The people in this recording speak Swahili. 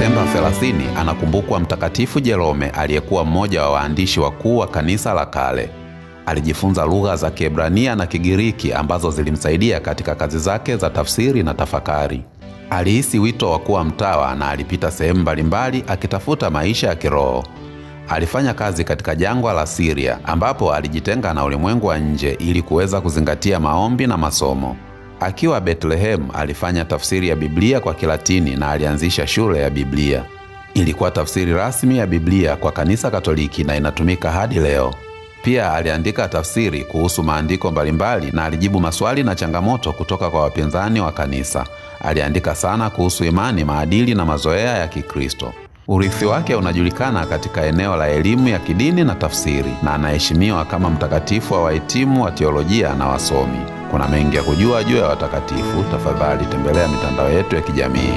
Septemba 30 anakumbukwa Mtakatifu Jerome aliyekuwa mmoja wa waandishi wakuu wa kanisa la kale. Alijifunza lugha za Kiebrania na Kigiriki ambazo zilimsaidia katika kazi zake za tafsiri na tafakari. Alihisi wito wa kuwa mtawa na alipita sehemu mbalimbali akitafuta maisha ya kiroho. Alifanya kazi katika jangwa la Siria ambapo alijitenga na ulimwengu wa nje ili kuweza kuzingatia maombi na masomo. Akiwa Bethlehem alifanya tafsiri ya Biblia kwa Kilatini na alianzisha shule ya Biblia. Ilikuwa tafsiri rasmi ya Biblia kwa Kanisa Katoliki na inatumika hadi leo. Pia aliandika tafsiri kuhusu maandiko mbalimbali na alijibu maswali na changamoto kutoka kwa wapinzani wa kanisa. Aliandika sana kuhusu imani, maadili na mazoea ya Kikristo. Urithi wake unajulikana katika eneo la elimu ya kidini na tafsiri, na anaheshimiwa kama mtakatifu wa wahitimu wa teolojia na wasomi. Kuna mengi ya kujua juu ya watakatifu. Tafadhali tembelea mitandao yetu ya kijamii.